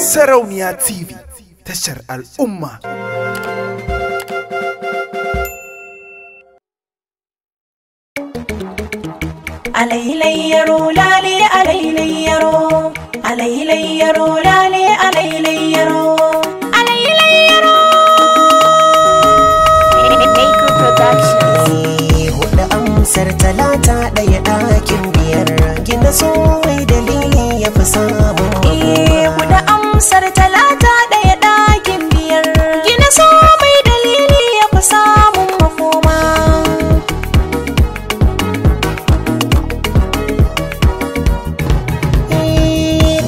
Sarauniya TV tashar al'umma. Alailayyaro lale alailayyaro alailayyaro lale alailayyaro alailayyaro Hudu amsar talata ɗaya ɗakin biyar gina so wai dalili ya fi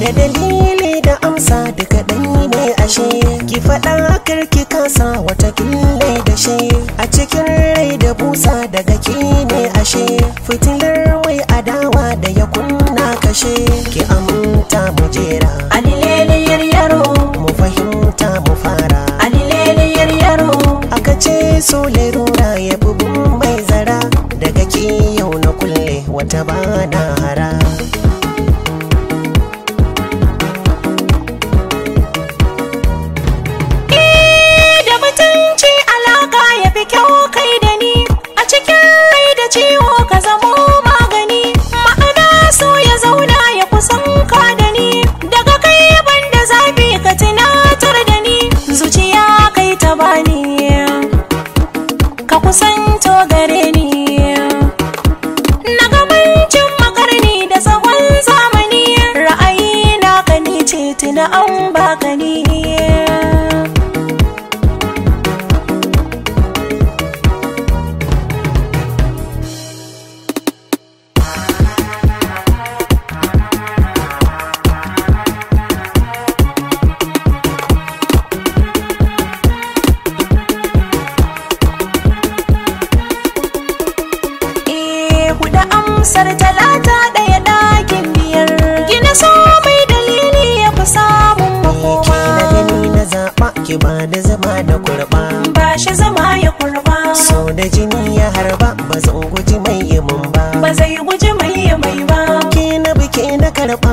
da dalili da amsa da ɗanyi ne ashe ki faɗa karki kasa wata kille da she a cikin rai da busa daga ki ne ashe fitilar wai adawa da ya kunna kashe ki aminta mu jera alileliyar yaro mu fahimta mu fara alileliyar yaro aka ce so lerura ya bubu mai zara daga ki yau na kulle wata bana hara kusanto that any zama da kurba ba shi zama ya kurba so da jini ya harba ba zan guji mai yamin ba ba zai guji mai yamin ba ke na biki na karba